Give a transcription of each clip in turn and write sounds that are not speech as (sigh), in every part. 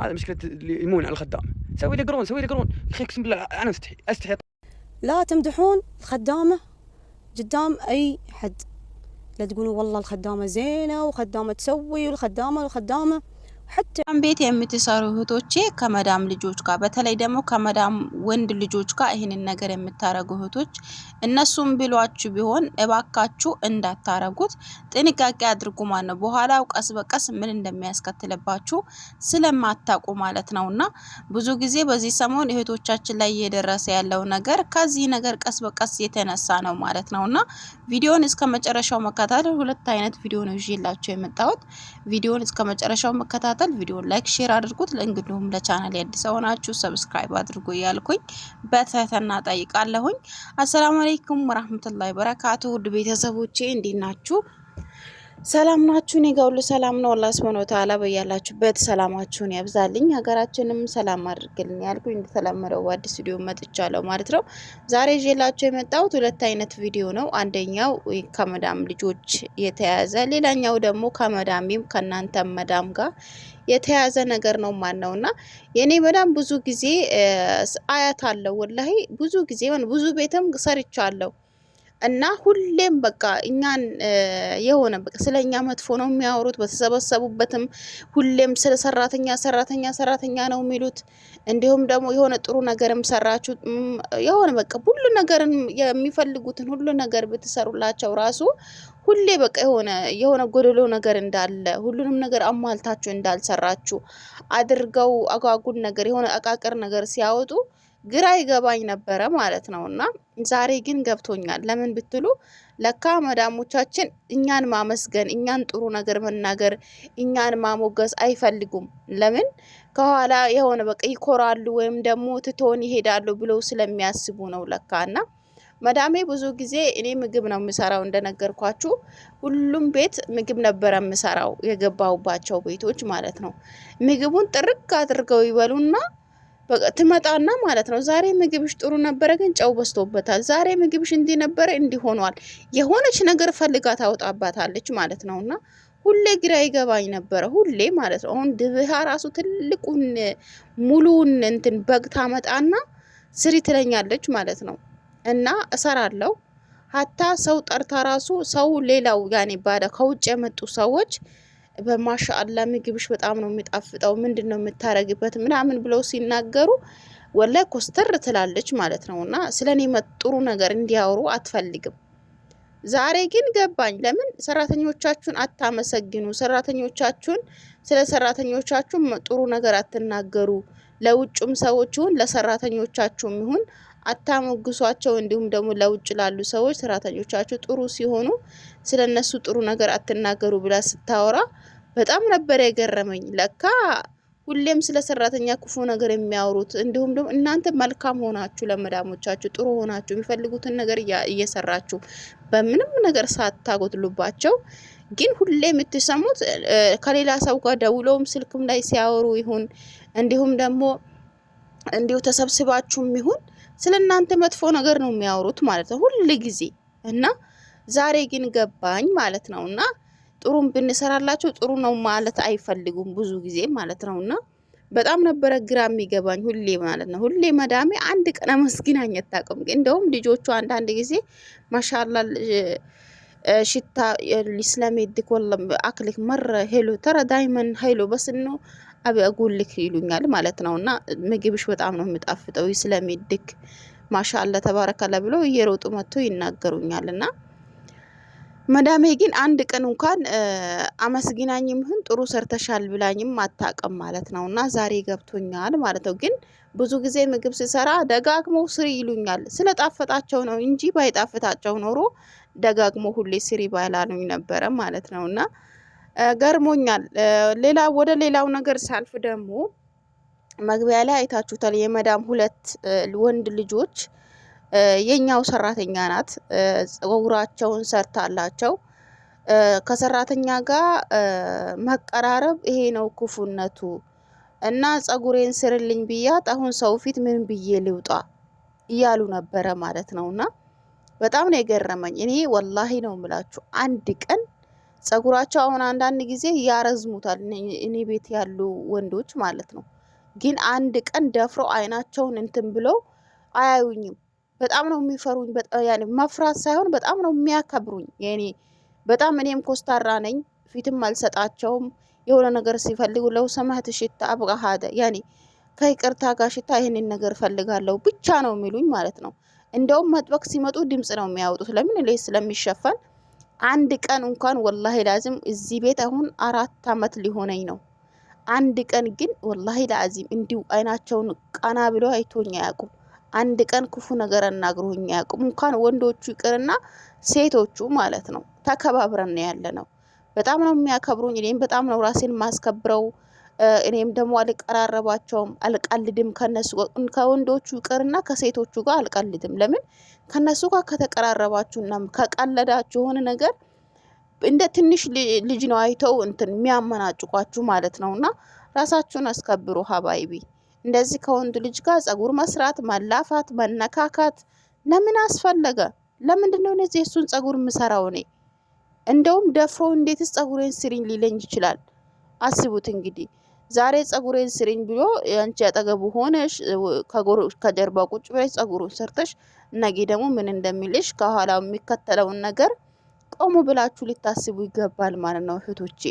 هذا مشكله اللي يمون على الخدام سوي لي قرون سوي لي قرون اخي اقسم بالله انا استحي استحي لا تمدحون الخدامه قدام اي حد لا تقولوا والله الخدامه زينه وخدامه تسوي والخدامه والخدامه ም ቤት የምትሰሩ እህቶቼ ከመዳም ልጆች ጋር በተለይ ደግሞ ከመዳም ወንድ ልጆች ጋር ይህንን ነገር የምታረጉ እህቶች እነሱም ብሏችሁ ቢሆን እባካችሁ እንዳታረጉት ጥንቃቄ አድርጉ ማለት ነው። በኋላው ቀስ በቀስ ምን እንደሚያስከትልባችሁ ስለማታውቁ ማለት ነው። እና ብዙ ጊዜ በዚህ ሰሞን እህቶቻችን ላይ እየደረሰ ያለው ነገር ከዚህ ነገር ቀስ በቀስ የተነሳ ነው ማለት ነው። እና ቪዲዮን እስከ መጨረሻው መከታተል ሁለት አይነት ቪዲዮ ነው ይዤላችሁ የመጣሁት። ቪዲዮን እስከ መጨረሻው መከታተል ለመከታተል ቪዲዮ ላይክ፣ ሼር አድርጉት። እንዲሁም ለቻናል አዲስ ሆናችሁ ሰብስክራይብ አድርጉ እያልኩኝ በትህትና ጠይቃለሁኝ። አሰላሙ አለይኩም ወራህመቱላሂ በረካቱ ውድ ቤተሰቦቼ እንዴት ናችሁ? ሰላም ናችሁ? እኔ ጋር ሁሉ ሰላም ነው። አላህ ሱብሐነሁ ወተዓላ በያላችሁበት ሰላማችሁን ያብዛልኝ፣ ሀገራችንም ሰላም አድርግልኝ ያልኩኝ እንደተለመደው በአዲስ ስቱዲዮ መጥቻለሁ ማለት ነው። ዛሬ ይዤላችሁ የመጣሁት ሁለት አይነት ቪዲዮ ነው። አንደኛው ከመዳም ልጆች የተያዘ ሌላኛው ደግሞ ከመዳሚም ከእናንተ መዳም ጋር የተያዘ ነገር ነው። ማን ነው እና የኔ መዳም ብዙ ጊዜ አያት አለው ወላሂ ብዙ ጊዜ ብዙ ቤትም ሰርቻለሁ እና ሁሌም በቃ እኛን የሆነ በቃ ስለ እኛ መጥፎ ነው የሚያወሩት። በተሰበሰቡበትም ሁሌም ስለ ሰራተኛ ሰራተኛ ሰራተኛ ነው የሚሉት። እንዲሁም ደግሞ የሆነ ጥሩ ነገርም ሰራችሁ የሆነ በቃ ሁሉ ነገርን የሚፈልጉትን ሁሉ ነገር ብትሰሩላቸው ራሱ ሁሌ በቃ የሆነ የሆነ ጎደሎ ነገር እንዳለ ሁሉንም ነገር አሟልታችሁ እንዳልሰራችሁ አድርገው አጓጉል ነገር የሆነ አቃቅር ነገር ሲያወጡ ግራ ይገባኝ ነበረ ማለት ነው። እና ዛሬ ግን ገብቶኛል። ለምን ብትሉ ለካ መዳሞቻችን እኛን ማመስገን፣ እኛን ጥሩ ነገር መናገር፣ እኛን ማሞገስ አይፈልጉም። ለምን ከኋላ የሆነ በቃ ይኮራሉ ወይም ደግሞ ትቶን ይሄዳሉ ብለው ስለሚያስቡ ነው ለካ እና መዳሜ ብዙ ጊዜ እኔ ምግብ ነው የምሰራው። እንደነገርኳችሁ ሁሉም ቤት ምግብ ነበረ የምሰራው የገባሁባቸው ቤቶች ማለት ነው። ምግቡን ጥርቅ አድርገው ይበሉና ትመጣና ማለት ነው ዛሬ ምግብሽ ጥሩ ነበረ፣ ግን ጨው በዝቶበታል። ዛሬ ምግብሽ እንዲህ ነበረ፣ እንዲህ ሆኗል። የሆነች ነገር ፈልጋ ታወጣባታለች ማለት ነው እና ሁሌ ግራ ይገባኝ ነበረ። ሁሌ ማለት ነው አሁን ድብሃ ራሱ ትልቁን ሙሉውን እንትን በግ ታመጣና ስሪ ትለኛለች ማለት ነው እና እሰራለሁ ሀታ ሰው ጠርታ ራሱ ሰው ሌላው ያኔ ባለ ከውጭ የመጡ ሰዎች በማሻአላ ምግብሽ በጣም ነው የሚጣፍጠው፣ ምንድን ነው የምታረግበት ምናምን ብለው ሲናገሩ ወላይ ኮስተር ትላለች ማለት ነው። እና ስለ እኔ ነገር እንዲያወሩ አትፈልግም። ዛሬ ግን ገባኝ። ለምን ሰራተኞቻችሁን አታመሰግኑ? ሰራተኞቻችሁን ስለ ሰራተኞቻችሁን ጥሩ ነገር አትናገሩ። ለውጭም ሰዎች ይሁን ለሰራተኞቻችሁም ይሁን አታሞግሷቸው። እንዲሁም ደግሞ ለውጭ ላሉ ሰዎች ሰራተኞቻቸው ጥሩ ሲሆኑ ስለ እነሱ ጥሩ ነገር አትናገሩ ብላ ስታወራ በጣም ነበር የገረመኝ። ለካ ሁሌም ስለ ሰራተኛ ክፉ ነገር የሚያወሩት እንዲሁም ደግሞ እናንተ መልካም ሆናችሁ ለመዳሞቻችሁ ጥሩ ሆናችሁ የሚፈልጉትን ነገር እየሰራችሁ በምንም ነገር ሳታጎትሉባቸው ግን ሁሌ የምትሰሙት ከሌላ ሰው ጋር ደውለውም ስልክም ላይ ሲያወሩ ይሁን እንዲሁም ደግሞ እንዲሁ ተሰብስባችሁም ይሁን ስለ እናንተ መጥፎ ነገር ነው የሚያወሩት ማለት ነው ሁል ጊዜ እና ዛሬ ግን ገባኝ ማለት ነው እና ጥሩም ብንሰራላቸው ጥሩ ነው ማለት አይፈልጉም ብዙ ጊዜ ማለት ነው እና በጣም ነበረ ግራ የሚገባኝ ሁሌ ማለት ነው። ሁሌ መዳሜ አንድ ቀን አመስግናኝ አታውቅም። እንደውም ልጆቹ አንዳንድ ጊዜ ማሻላ ሽታ ስለሚድክ ወላ አክልክ መረ ሄሎ ተረ ዳይመን ሄሎ በስኖ አብጉልክ ይሉኛል ማለት ነው። እና ምግብሽ በጣም ነው የሚጣፍጠው ስለሚድክ ማሻአላ ተባረከላ ብሎ እየሮጡ መጥቶ ይናገሩኛል እና መዳሜ ግን አንድ ቀን እንኳን አመስግናኝም ይሁን ጥሩ ሰርተሻል ብላኝም አታውቅም ማለት ነው። እና ዛሬ ገብቶኛል ማለት ነው። ግን ብዙ ጊዜ ምግብ ስሰራ ደጋግሞ ስሪ ይሉኛል። ስለጣፈጣቸው ነው እንጂ ባይጣፍጣቸው ኖሮ ደጋግሞ ሁሌ ስሪ ባይላሉኝ ነበረ ማለት ነው። እና ገርሞኛል። ሌላ ወደ ሌላው ነገር ሳልፍ ደግሞ መግቢያ ላይ አይታችሁታል የመዳም ሁለት ወንድ ልጆች የኛው ሰራተኛ ናት። ፀጉራቸውን ሰርታላቸው ከሰራተኛ ጋር መቀራረብ ይሄ ነው ክፉነቱ። እና ፀጉሬን ስርልኝ ብያት አሁን ሰው ፊት ምን ብዬ ልውጣ እያሉ ነበረ ማለት ነው። እና በጣም ነው የገረመኝ። እኔ ወላሂ ነው የምላችሁ አንድ ቀን ፀጉራቸው አሁን አንዳንድ ጊዜ ያረዝሙታል፣ እኔ ቤት ያሉ ወንዶች ማለት ነው። ግን አንድ ቀን ደፍረው አይናቸውን እንትን ብለው አያዩኝም። በጣም ነው የሚፈሩኝ። መፍራት ሳይሆን በጣም ነው የሚያከብሩኝ። የኔ በጣም እኔም ኮስታራ ነኝ፣ ፊትም አልሰጣቸውም። የሆነ ነገር ሲፈልጉ ለው ሰማህት ሽታ አብቃ ያኔ ከይቅርታ ጋር ሽታ ይህንን ነገር ፈልጋለሁ ብቻ ነው የሚሉኝ ማለት ነው። እንደውም መጥበቅ ሲመጡ ድምፅ ነው የሚያወጡት። ለምን ሌ ስለሚሸፈን አንድ ቀን እንኳን ወላሂ ላዚም እዚህ ቤት አሁን አራት አመት ሊሆነኝ ነው። አንድ ቀን ግን ወላሂ ላዚም እንዲሁ አይናቸውን ቀና ብሎ አይቶኝ አያውቁም። አንድ ቀን ክፉ ነገር አናግሮኝ አያውቁም። እንኳን ወንዶቹ ይቅርና ሴቶቹ ማለት ነው። ተከባብረን ያለ ነው። በጣም ነው የሚያከብሩኝ። እኔም በጣም ነው ራሴን ማስከብረው። እኔም ደግሞ አልቀራረባቸውም፣ አልቀልድም ከነሱ ከወንዶቹ ይቅርና ከሴቶቹ ጋር አልቀልድም። ለምን ከነሱ ጋር ከተቀራረባችሁና ከቀለዳችሁ የሆነ ነገር እንደ ትንሽ ልጅ ነው አይተው እንትን የሚያመናጭቋችሁ ማለት ነው። እና ራሳችሁን አስከብሩ ሀባይቢ እንደዚህ ከወንድ ልጅ ጋር ጸጉር መስራት፣ ማላፋት፣ መነካካት ለምን አስፈለገ? ለምንድን ነው እነዚህ የእሱን ጸጉር የምሰራው እኔ? እንደውም ደፍሮ እንዴትስ ጸጉሬን ስሪኝ ሊለኝ ይችላል? አስቡት እንግዲህ ዛሬ ጸጉሬን ስሪኝ ብሎ አንቺ ያጠገቡ ሆነሽ ከጀርባ ቁጭ ብለሽ ጸጉሩን ሰርተሽ ነገ ደግሞ ምን እንደሚልሽ ከኋላ የሚከተለውን ነገር ቆሙ ብላችሁ ሊታስቡ ይገባል ማለት ነው እህቶቼ።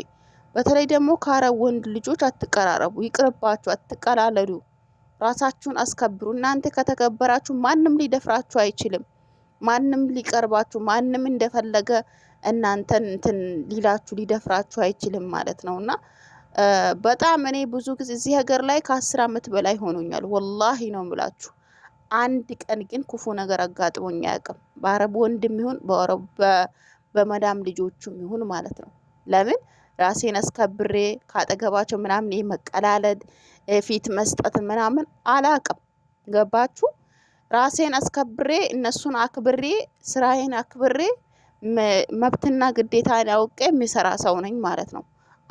በተለይ ደግሞ ከአረብ ወንድ ልጆች አትቀራረቡ፣ ይቅርባችሁ፣ አትቀላለዱ፣ ራሳችሁን አስከብሩ። እናንተ ከተከበራችሁ ማንም ሊደፍራችሁ አይችልም። ማንም ሊቀርባችሁ፣ ማንም እንደፈለገ እናንተን እንትን ሊላችሁ ሊደፍራችሁ አይችልም ማለት ነው እና በጣም እኔ ብዙ ጊዜ እዚህ ሀገር ላይ ከአስር አመት በላይ ሆኖኛል። ወላሂ ነው ምላችሁ። አንድ ቀን ግን ክፉ ነገር አጋጥሞኝ አያውቅም። በአረብ ወንድም ይሁን በመዳም ልጆቹም ይሁን ማለት ነው። ለምን ራሴን አስከብሬ ካጠገባቸው ምናምን ይሄ መቀላለድ፣ ፊት መስጠት ምናምን አላቅም። ገባችሁ? ራሴን አስከብሬ እነሱን አክብሬ ስራዬን አክብሬ መብትና ግዴታን አውቄ የሚሰራ ሰው ነኝ ማለት ነው።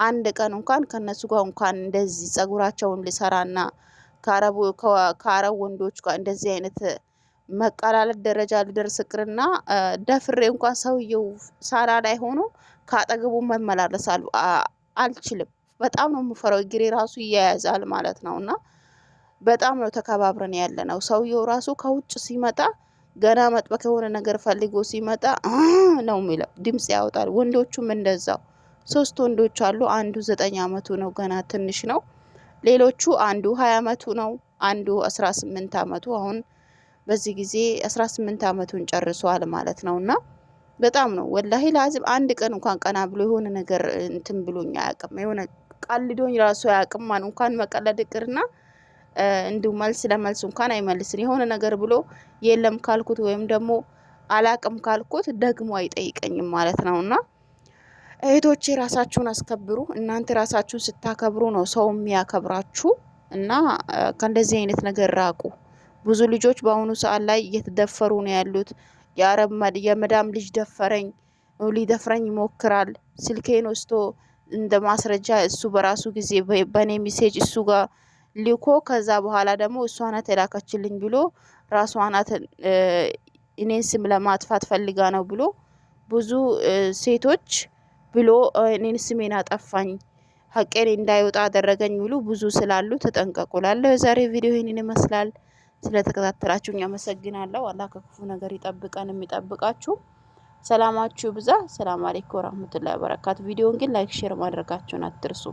አንድ ቀን እንኳን ከነሱ ጋር እንኳን እንደዚህ ጸጉራቸውን ልሰራና ከአረብ ወንዶች ጋር እንደዚህ አይነት መቀላለድ ደረጃ ልደርስ ቅርና ደፍሬ እንኳን ሰውየው ሳራ ላይ ሆኖ ከአጠገቡ መመላለስ አልችልም። በጣም ነው የምፈራው። እግሬ ራሱ ይያያዛል ማለት ነው። እና በጣም ነው ተከባብረን ያለ ነው። ሰውየው ራሱ ከውጭ ሲመጣ ገና መጥበቅ የሆነ ነገር ፈልጎ ሲመጣ (clears throat) ነው የሚለው፣ ድምፅ ያወጣል። ወንዶቹም እንደዛው ሶስት ወንዶች አሉ። አንዱ ዘጠኝ አመቱ ነው፣ ገና ትንሽ ነው። ሌሎቹ አንዱ ሀያ አመቱ ነው፣ አንዱ አስራ ስምንት አመቱ አሁን በዚህ ጊዜ አስራ ስምንት አመቱን ጨርሷል ማለት ነው እና በጣም ነው ወላሂ ላዚም አንድ ቀን እንኳን ቀና ብሎ የሆነ ነገር እንትን ብሎኝ አያውቅም። የሆነ ቀልዶኝ ራሱ አያውቅም። ማን እንኳን መቀለድ ይቅርና እንዲሁ መልስ ለመልስ እንኳን አይመልስን። የሆነ ነገር ብሎ የለም ካልኩት ወይም ደግሞ አላቅም ካልኩት ደግሞ አይጠይቀኝም ማለት ነው። እና እህቶቼ ራሳችሁን አስከብሩ። እናንተ ራሳችሁን ስታከብሩ ነው ሰው የሚያከብራችሁ። እና ከእንደዚህ አይነት ነገር ራቁ። ብዙ ልጆች በአሁኑ ሰዓት ላይ እየተደፈሩ ነው ያሉት። የአረብ የመዳም ልጅ ደፈረኝ ሊደፍረኝ ይሞክራል። ስልኬን ወስቶ እንደ ማስረጃ እሱ በራሱ ጊዜ በእኔ ሚሴጅ እሱ ጋር ልኮ ከዛ በኋላ ደግሞ እሷ ናት የላከችልኝ ብሎ ራሷ ናት እኔን ስም ለማጥፋት ፈልጋ ነው ብሎ ብዙ ሴቶች ብሎ እኔን ስሜን አጠፋኝ ሀቄን እንዳይወጣ አደረገኝ ብሎ ብዙ ስላሉ ተጠንቀቁላለሁ። የዛሬ ቪዲዮ ይህንን ይመስላል። ስለተከታተላችሁ አመሰግናለሁ። አላህ ከክፉ ነገር ይጠብቀን፣ የሚጠብቃችሁ ሰላማችሁ ብዛ። ሰላም አለይኩም ወራህመቱላሂ ወበረካቱ። ቪዲዮውን ግን ላይክ ሼር ማድረጋችሁን አትርሱ።